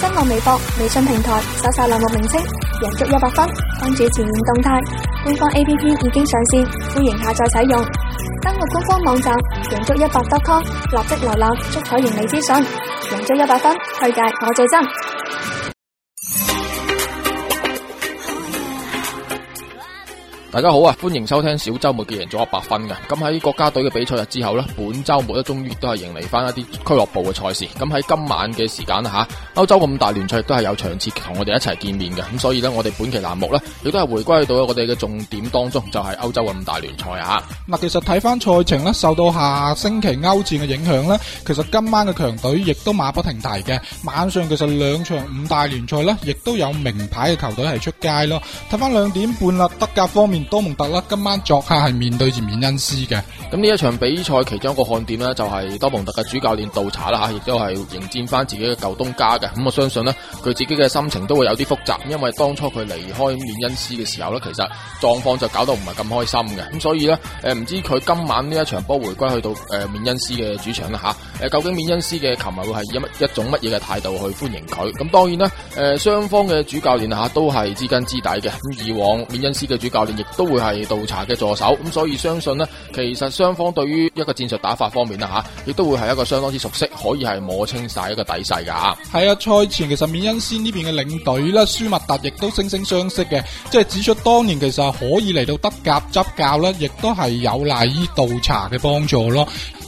登錄微博、微信平台，搜索欄目名稱“贏足一百分”，關注前沿動態。官方 APP 已經上線，歡迎下載使用。登錄官方網站贏足一百 .com，立即瀏覽足彩盈利資訊。贏足一百分，推介我最真。大家好啊！歡迎收聽小周末嘅贏足 100FUN 嘅。咁喺國家隊嘅比賽日之後咧，本周末都終於都係迎嚟翻一啲俱樂部嘅賽事。咁喺今晚嘅時間啦吓、啊，歐洲五大聯賽都係有場次同我哋一齊見面嘅。咁所以呢，我哋本期欄目呢，亦都係回歸到我哋嘅重點當中，就係、是、歐洲五大聯賽啊。嗱，其實睇翻賽程咧，受到下星期歐戰嘅影響咧，其實今晚嘅強隊亦都馬不停蹄嘅。晚上其實兩場五大聯賽呢，亦都有名牌嘅球隊係出街咯。睇翻兩點半啦，德甲方面。多蒙特啦，今晚作客係面對住緬恩斯嘅，咁呢一場比賽其中一個看點呢，就係多蒙特嘅主教練杜查啦吓，亦都係迎戰翻自己嘅舊東家嘅，咁我相信呢，佢自己嘅心情都會有啲複雜，因為當初佢離開緬恩斯嘅時候呢，其實狀況就搞到唔係咁開心嘅，咁所以呢，誒唔知佢今晚呢一場波回歸去到誒緬恩斯嘅主場啦吓，誒究竟緬恩斯嘅球迷會係一乜一種乜嘢嘅態度去歡迎佢？咁當然啦，誒雙方嘅主教練吓都係知根知底嘅，咁以往緬恩斯嘅主教練亦。都會係道查嘅助手，咁所以相信呢，其實雙方對於一個戰術打法方面啦吓，亦、啊、都會係一個相當之熟悉，可以係摸清晒一個底細噶。係啊，賽前其實緬恩斯呢邊嘅領隊啦，舒密達亦都惺惺相惜嘅，即係指出當年其實可以嚟到德甲執教啦，亦都係有賴於道查嘅幫助咯。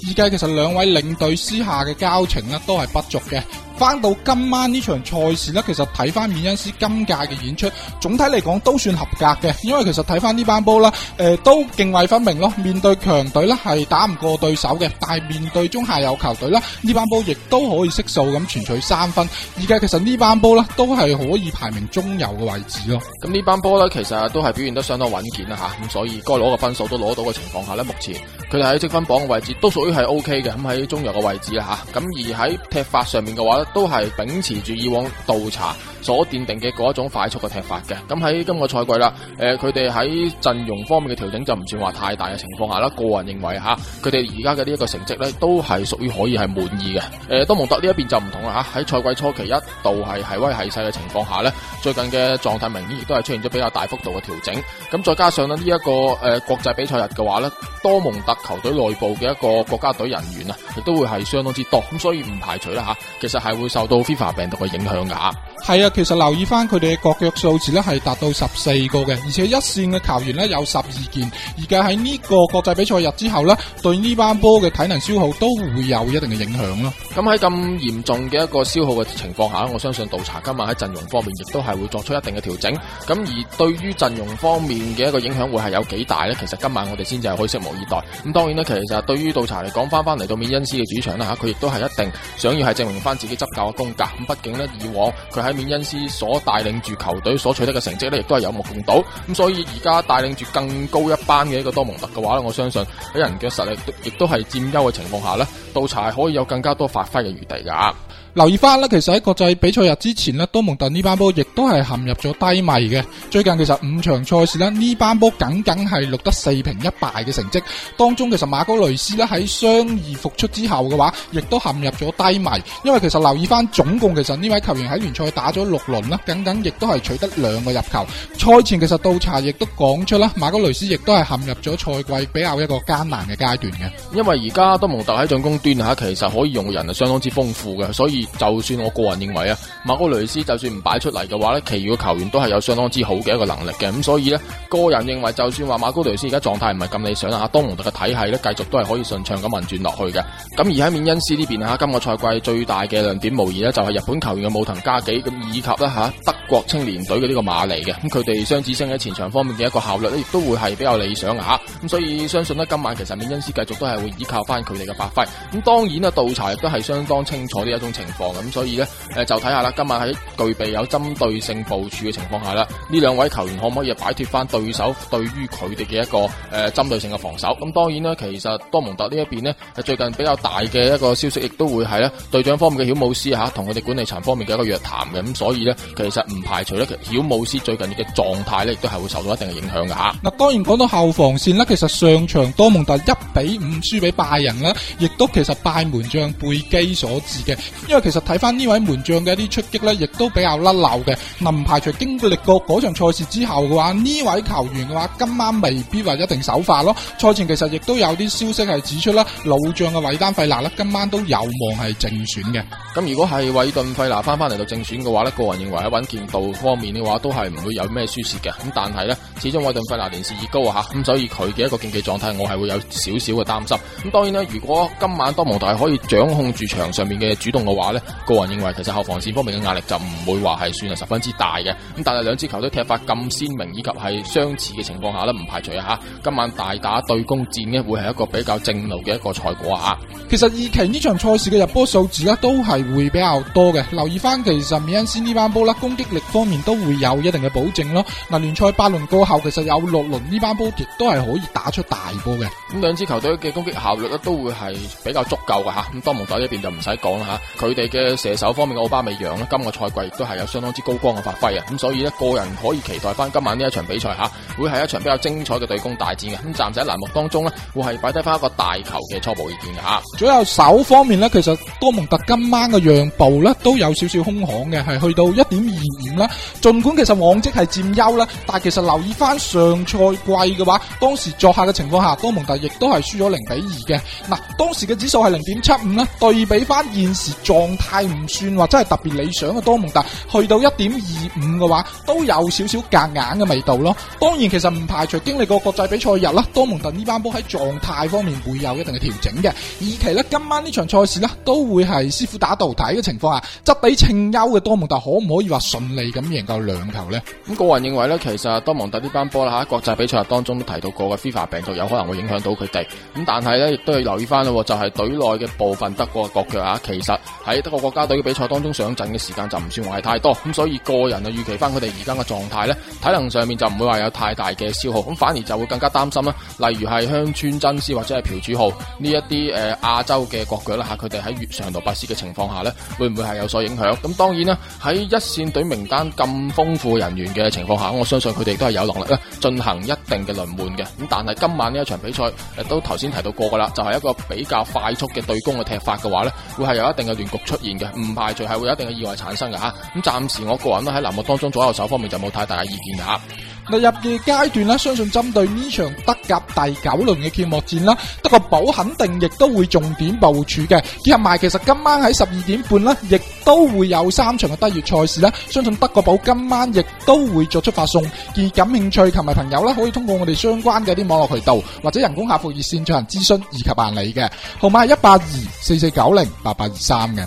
依家其實兩位領隊私下嘅交情呢，都係不俗嘅。翻到今晚呢場賽事咧，其實睇翻緬因斯今屆嘅演出，總體嚟講都算合格嘅。因為其實睇翻呢班波啦，誒、呃、都涇渭分明咯。面對強隊咧係打唔過對手嘅，但係面對中下游球隊啦呢班波亦都可以悉數咁全取三分。而家其實呢班波咧都係可以排名中游嘅位置咯。咁呢班波咧其實都係表現得相當穩健啦吓。咁、啊、所以該攞嘅分數都攞到嘅情況下咧，目前佢哋喺積分榜嘅位置都屬於係 OK 嘅。咁喺中游嘅位置啦吓。咁、啊、而喺踢法上面嘅話咧。都係秉持住以往倒查所奠定嘅嗰一種快速嘅踢法嘅，咁喺今個賽季啦，誒、呃，佢哋喺陣容方面嘅調整就唔算話太大嘅情況下啦，個人認為吓，佢哋而家嘅呢一個成績咧，都係屬於可以係滿意嘅。誒、呃，多蒙特呢一邊就唔同啦吓，喺賽季初期一度係係威係勢嘅情況下咧，最近嘅狀態明顯亦都係出現咗比較大幅度嘅調整，咁再加上呢、呢、一個誒、呃、國際比賽日嘅話咧，多蒙特球隊內部嘅一個國家隊人員啊，亦都會係相當之多，咁所以唔排除啦吓，其實係。係會受到 FIFA 病毒嘅影響噶。係啊，其實留意翻佢哋嘅國腳數字咧，係達到十四個嘅，而且一線嘅球員呢有十二件。而家喺呢個國際比賽日之後呢，對呢班波嘅體能消耗都會有一定嘅影響啦。咁喺咁嚴重嘅一個消耗嘅情況下，我相信杜查今晚喺陣容方面亦都係會作出一定嘅調整。咁而對於陣容方面嘅一個影響會係有幾大呢？其實今晚我哋先至係可以拭目以待。咁當然啦，其實對於杜查嚟講，翻翻嚟到緬因斯嘅主場啦吓，佢亦都係一定想要係證明翻自己執教嘅功架。咁畢竟呢，以往佢喺免恩斯所帶領住球隊所取得嘅成績咧，亦都係有目共睹。咁所以而家帶領住更高一班嘅一個多蒙特嘅話咧，我相信喺人嘅實力亦都係佔優嘅情況下咧，杜查係可以有更加多發揮嘅餘地噶。留意翻啦，其實喺國際比賽日之前咧，多蒙特呢班波亦都係陷入咗低迷嘅。最近其實五場賽事咧，呢班波僅僅係錄得四平一敗嘅成績。當中其實馬高雷斯咧喺傷愈復出之後嘅話，亦都陷入咗低迷。因為其實留意翻總共，其實呢位球員喺聯賽打咗六輪啦，僅僅亦都係取得兩個入球。賽前其實倒查亦都講出啦，馬高雷斯亦都係陷入咗賽季比較一個艱難嘅階段嘅。因為而家多蒙特喺進攻端吓，其實可以用嘅人係相當之豐富嘅，所以。就算我個人認為啊，馬高雷斯就算唔擺出嚟嘅話呢，其餘嘅球員都係有相當之好嘅一個能力嘅，咁所以呢，個人認為就算話馬高雷斯而家狀態唔係咁理想啊，多蒙特嘅體系呢，繼續都係可以順暢咁運轉落去嘅。咁而喺緬因斯呢邊啊，今個賽季最大嘅亮點無疑呢就係日本球員嘅武藤嘉紀，咁以及呢，吓德國青年隊嘅呢個馬尼嘅，咁佢哋雙子星喺前場方面嘅一個效率呢，亦都會係比較理想啊，咁所以相信呢，今晚其實緬因斯繼續都係會依靠翻佢哋嘅發揮。咁當然啦，倒查亦都係相當清楚呢一種情。咁，所以咧，誒，就睇下啦。今日喺具備有針對性部署嘅情況下啦，呢兩位球員可唔可以擺脱翻對手對於佢哋嘅一個誒、呃、針對性嘅防守？咁當然啦，其實多蒙特呢一邊呢，最近比較大嘅一個消息，亦都會係咧隊長方面嘅曉姆斯吓同佢哋管理層方面嘅一個約談嘅。咁所以呢，其實唔排除咧，其實曉姆斯最近嘅狀態呢亦都係會受到一定嘅影響噶吓。嗱，當然講到後防線咧，其實上場多蒙特一比五輸俾拜仁啦，亦都其實拜門將貝基所致嘅，因為。其實睇翻呢位門將嘅一啲出擊咧，亦都比較甩漏嘅，能排除經歷過嗰場賽事之後嘅話，呢位球員嘅話今晚未必話一定首發咯。賽前其實亦都有啲消息係指出啦，老將嘅韋丹費拿咧今晚都有望係正選嘅。咁如果係韋頓費拿翻翻嚟到正選嘅話咧，個人認為喺穩健度方面嘅話，都係唔會有咩輸蝕嘅。咁但係呢，始終韋頓費拿年事已高吓，咁、嗯、所以佢嘅一個競技狀態，我係會有少少嘅擔心。咁、嗯、當然啦，如果今晚多蒙特可以掌控住場上面嘅主動嘅話，咧，個人認為其實後防線方面嘅壓力就唔會話係算係十分之大嘅。咁但係兩支球隊踢法咁鮮明以及係相似嘅情況下呢，唔排除啊，今晚大打對攻戰嘅會係一個比較正路嘅一個賽果啊。其實二期呢場賽事嘅入波數字呢，都係會比較多嘅。留意翻其實米恩斯這呢班波啦，攻擊力方面都會有一定嘅保證咯。嗱，聯賽八輪過後其實有六輪呢班波亦都係可以打出大波嘅。咁兩支球隊嘅攻擊效率呢，都會係比較足夠嘅吓。咁多蒙特呢邊就唔使講啦吓，佢哋嘅射手方面嘅奧巴美揚咧，今個賽季亦都係有相當之高光嘅發揮啊！咁所以咧，個人可以期待翻今晚呢一場比賽吓，會係一場比較精彩嘅對攻大戰嘅。咁暫時喺欄目當中咧，會係擺低翻一個大球嘅初步意見嘅吓。左右手方面咧，其實多蒙特今晚嘅讓步咧都有少少空行嘅，係去到一點二五啦。儘管其實往績係佔優啦，但係其實留意翻上賽季嘅話，當時作客嘅情況下，多蒙特亦都係輸咗零比二嘅。嗱，當時嘅指數係零點七五啦，對比翻現時狀況。太唔算話真係特別理想嘅多蒙特，去到一點二五嘅話都有少少夾硬嘅味道咯。當然其實唔排除經歷過國際比賽日啦，多蒙特呢班波喺狀態方面會有一定嘅調整嘅。而期呢，今晚呢場賽事呢，都會係師傅打導睇嘅情況下，執比稱優嘅多蒙特可唔可以話順利咁贏夠兩球呢？咁個人認為呢，其實多蒙特班呢班波啦吓，國際比賽日當中都提到過嘅 FIFA 病毒有可能會影響到佢哋。咁但係呢，亦都要留意翻咯，就係隊內嘅部分德國國腳啊，其實喺德國國家隊嘅比賽當中上陣嘅時間就唔算話係太多，咁所以個人啊預期翻，佢哋而家嘅狀態咧，體能上面就唔會話有太大嘅消耗，咁反而就會更加擔心啦。例如係香川真司或者係朴主浩呢一啲誒亞洲嘅國腳啦吓，佢哋喺越長途跋涉嘅情況下咧，會唔會係有所影響？咁當然啦，喺一線隊名單咁豐富人員嘅情況下，我相信佢哋都係有能力咧進行一定嘅輪換嘅。咁但係今晚呢一場比賽都頭先提到過噶啦，就係、是、一個比較快速嘅對攻嘅踢法嘅話咧，會係有一定嘅亂局。出現嘅唔排除係會，有一定嘅意外產生嘅吓，咁暫時我個人咧喺欄目當中左右手方面就冇太大嘅意見吓。嗱，入夜階段咧，相信針對呢場德甲第九輪嘅揭幕戰啦，德國寶肯定亦都會重點部署嘅。兼埋其實今晚喺十二點半咧，亦都會有三場嘅德乙賽事咧，相信德國寶今晚亦都會作出發送。而感興趣球迷朋友咧，可以通過我哋相關嘅啲網絡渠道或者人工客服熱線進行諮詢以及辦理，嘅號碼係一八二四四九零八八二三嘅。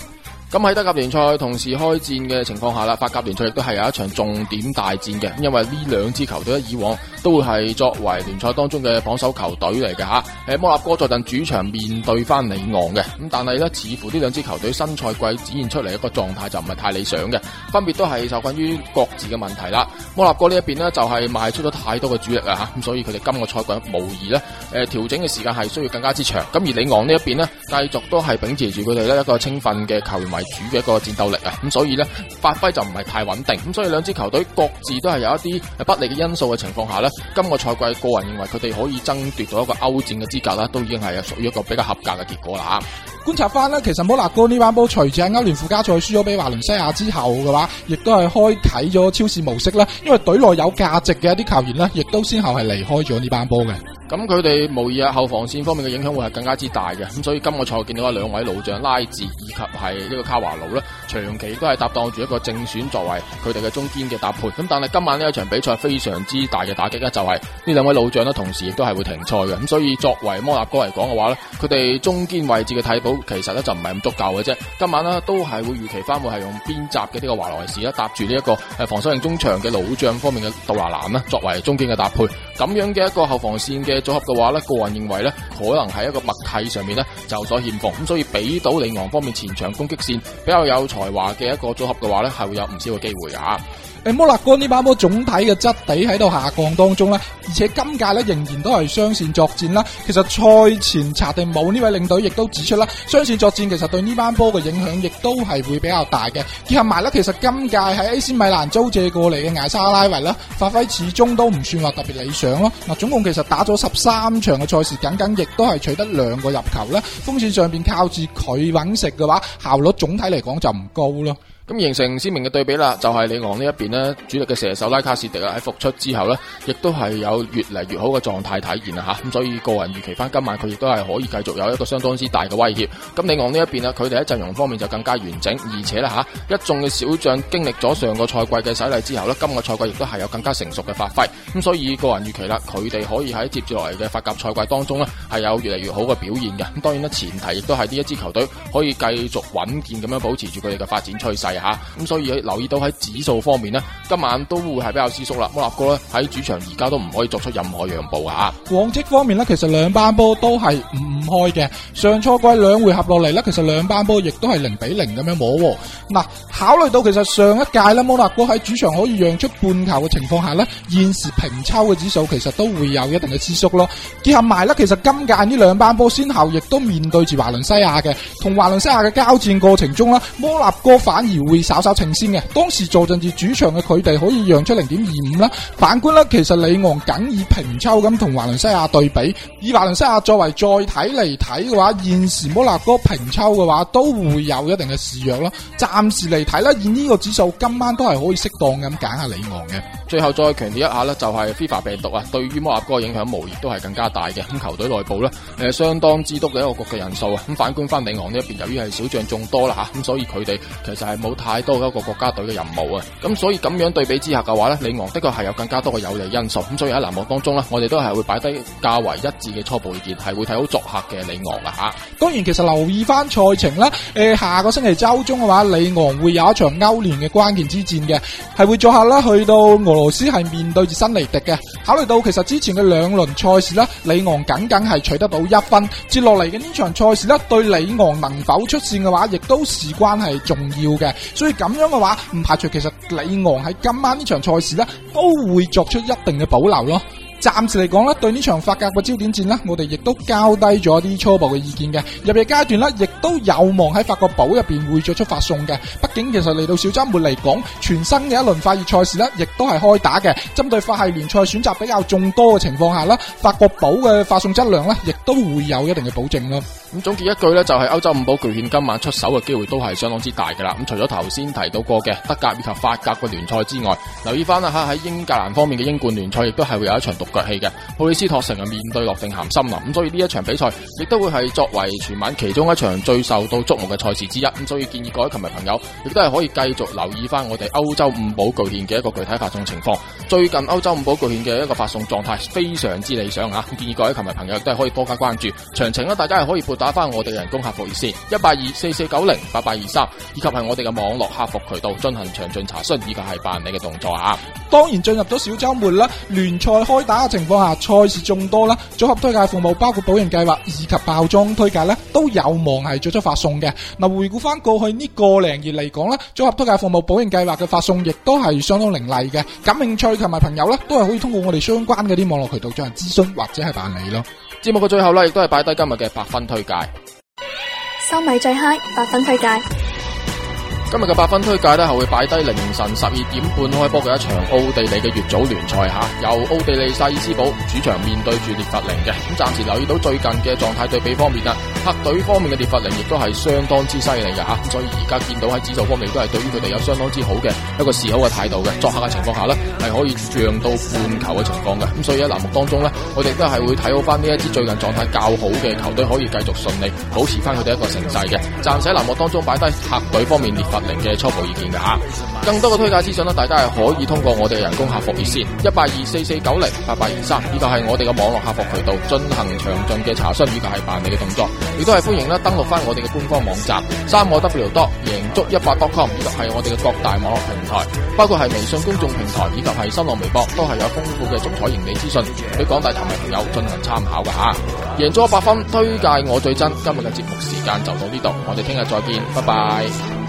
咁喺德甲聯賽同時開戰嘅情況下啦，法甲聯賽亦都係有一場重點大戰嘅。因為呢兩支球隊以往都會係作為聯賽當中嘅榜首球隊嚟嘅吓。誒，摩納哥坐陣主場面對翻里昂嘅，咁但係咧，似乎呢兩支球隊新賽季展現出嚟一個狀態就唔係太理想嘅，分別都係受困於各自嘅問題啦。摩納哥呢一邊呢就係賣出咗太多嘅主力啊吓，咁所以佢哋今個賽季無疑咧，誒，調整嘅時間係需要更加之長。咁而里昂呢一邊呢，繼續都係秉持住佢哋呢一個青訓嘅球員位。主嘅一個戰鬥力啊，咁所以咧發揮就唔係太穩定，咁所以兩支球隊各自都係有一啲不利嘅因素嘅情況下咧，今個賽季個人認為佢哋可以爭奪到一個歐戰嘅資格啦，都已經係屬於一個比較合格嘅結果啦。觀察翻咧，其實摩納哥呢班波，隨住喺歐聯附加賽輸咗俾華倫西亞之後嘅話，亦都係開啟咗超市模式啦，因為隊內有價值嘅一啲球員呢，亦都先後係離開咗呢班波嘅。咁佢哋無疑啊後防線方面嘅影響會係更加之大嘅，咁所以今個賽季見到啊兩位老將拉治以及係呢個卡華路咧，長期都係搭檔住一個正選作為佢哋嘅中堅嘅搭配。咁但係今晚呢一場比賽非常之大嘅打擊咧，就係呢兩位老將咧同時亦都係會停賽嘅。咁所以作為摩納哥嚟講嘅話咧，佢哋中堅位置嘅替補其實咧就唔係咁足夠嘅啫。今晚咧都係會預期翻會係用邊閘嘅呢個華萊士啦搭住呢一個誒防守型中場嘅老將方面嘅杜華南啦作為中堅嘅搭配，咁樣嘅一個後防線嘅。嘅組合嘅話咧，個人認為咧，可能喺一個默契上面咧，就所欠奉，咁所以俾到李昂方面前場攻擊線比較有才華嘅一個組合嘅話咧，係會有唔少嘅機會噶。誒，摩納哥呢班波總體嘅質地喺度下降當中啦，而且今屆咧仍然都係雙線作戰啦。其實賽前查迪姆呢位領隊亦都指出啦，雙線作戰其實對呢班波嘅影響亦都係會比較大嘅。結合埋啦，其實今屆喺 AC 米蘭租借過嚟嘅艾沙拉維啦，發揮始終都唔算話特別理想咯。嗱，總共其實打咗十三場嘅賽事，僅僅亦都係取得兩個入球咧。鋒線上邊靠住佢揾食嘅話，效率總體嚟講就唔高咯。咁形成鮮明嘅對比啦，就係、是、李昂呢一邊呢，主力嘅射手拉卡士迪啊，喺復出之後呢，亦都係有越嚟越好嘅狀態體現啊吓，咁所以個人預期翻今晚佢亦都係可以繼續有一個相當之大嘅威脅。咁李昂呢一邊呢，佢哋喺陣容方面就更加完整，而且咧吓、啊、一眾嘅小將經歷咗上個賽季嘅洗禮之後呢，今個賽季亦都係有更加成熟嘅發揮。咁、啊、所以個人預期啦，佢哋可以喺接住落嚟嘅法甲賽季當中呢，係有越嚟越好嘅表現嘅。咁、啊、當然啦，前提亦都係呢一支球隊可以繼續穩健咁樣保持住佢哋嘅發展趨勢。吓咁、啊，所以可以留意到喺指數方面呢，今晚都會係比較收縮啦。摩納哥咧喺主場而家都唔可以作出任何讓步噶吓、啊。往績方面呢，其實兩班波都係唔開嘅。上賽季兩回合落嚟呢，其實兩班波亦都係零比零咁樣摸、哦。嗱、啊，考慮到其實上一屆呢，摩納哥喺主場可以讓出半球嘅情況下呢，現時平抽嘅指數其實都會有一定嘅收縮咯。結合埋呢，其實今屆呢兩班波先後亦都面對住華倫西亞嘅，同華倫西亞嘅交戰過程中呢，摩納哥反而，會稍稍稱先嘅，當時坐陣住主場嘅佢哋可以讓出零點二五啦。反觀啦，其實李昂僅以平抽咁同華倫西亞對比，以華倫西亞作為載體嚟睇嘅話，現時摩納哥平抽嘅話，都會有一定嘅示弱啦。暫時嚟睇啦，以呢個指數，今晚都係可以適當咁揀下李昂嘅。最後再強調一下咧，就係 FIFA 病毒啊，對於摩納哥影響無疑都係更加大嘅。咁球隊內部咧，誒相當之多嘅一個國際人數啊。咁反觀翻里昂呢一邊，由於係小將眾多啦吓，咁所以佢哋其實係冇太多嘅一個國家隊嘅任務啊。咁所以咁樣對比之下嘅話咧，里昂的確係有更加多嘅有利因素。咁所以喺欄目當中咧，我哋都係會擺低較為一致嘅初步意見，係會睇好作客嘅里昂啊吓。當然，其實留意翻賽程啦，誒、呃、下個星期周中嘅話，里昂會有一場歐聯嘅關鍵之戰嘅，係會作客啦去到。羅斯係面對住新尼迪嘅，考慮到其實之前嘅兩輪賽事呢，里昂僅僅係取得到一分，接落嚟嘅呢場賽事呢，對里昂能否出線嘅話，亦都事關係重要嘅，所以咁樣嘅話，唔排除其實里昂喺今晚呢場賽事呢都會作出一定嘅保留咯。暫時嚟講呢，對呢場法甲嘅焦點戰呢，我哋亦都交低咗啲初步嘅意見嘅。入夜階段呢，亦都有望喺法國寶入邊會作出發送嘅。畢竟其實嚟到小周末嚟講，全新嘅一輪法乙賽事呢亦都係開打嘅。針對法系聯賽選擇比較眾多嘅情況下呢，法國寶嘅發送質量呢亦都會有一定嘅保證咯。咁總結一句呢就係、是、歐洲五寶巨獻今晚出手嘅機會都係相當之大噶啦。咁除咗頭先提到過嘅德甲以及法甲嘅聯賽之外，留意翻啦吓，喺英格蘭方面嘅英冠聯賽亦都係會有一場獨氣嘅，布里斯托城面對諾定咸森林，咁所以呢一場比賽亦都會係作為全晚其中一場最受到矚目嘅賽事之一，咁所以建議各位球迷朋友亦都係可以繼續留意翻，我哋歐洲五寶巨獻嘅一個具體發送情況。最近歐洲五寶巨獻嘅一個發送狀態非常之理想吓，建議各位球迷朋友都係可以多加關注。詳情大家係可以撥打翻我哋人工客服熱線一八二四四九零八八二三，以及係我哋嘅網絡客服渠道進行詳盡查詢以及係辦理嘅動作啊。當然進入咗小週末啦，聯賽開打。情況下，賽事眾多啦，組合推介服務包括保贏計劃以及爆莊推介咧，都有望係作出發送嘅。嗱，回顧翻過去呢個零月嚟講咧，組合推介服務保贏計劃嘅發送亦都係相當凌厲嘅。感興趣同埋朋友咧，都係可以通過我哋相關嘅啲網絡渠道進行諮詢或者係辦理咯。節目嘅最後咧，亦都係擺低今日嘅百分推介，收米最 high 百分推介。今日嘅八分推介咧，係會擺低凌晨十二點半開波嘅一場奧地利嘅乙組聯賽吓，由奧地利薩爾斯堡主場面對住列佛寧嘅。咁、啊、暫時留意到最近嘅狀態對比方面啊，客隊方面嘅列佛寧亦都係相當之犀利嘅吓，咁、啊、所以而家見到喺指數方面都係對於佢哋有相當之好嘅一個示好嘅態度嘅，作客嘅情況下呢，係可以漲到半球嘅情況嘅。咁、啊、所以喺欄目當中呢，我哋都係會睇好翻呢一支最近狀態較好嘅球隊，可以繼續順利保持翻佢哋一個成績嘅。暫時喺欄目當中擺低客隊方面列佛。零嘅初步意見噶吓，更多嘅推介資訊咧，大家係可以通過我哋嘅人工客服熱線一八二四四九零八八二三，呢個係我哋嘅網絡客服渠道，進行詳盡嘅查詢以及係辦理嘅動作，亦都係歡迎咧登錄翻我哋嘅官方網站三個 W 多贏足一百 dot com，呢度係我哋嘅各大網絡平台，包括係微信公眾平台以及係新浪微博，都係有豐富嘅足彩盈利資訊，俾廣大球迷朋友進行參考噶吓。贏足一百 FUN，推介我最真，今日嘅節目時間就到呢度，我哋聽日再見，拜拜。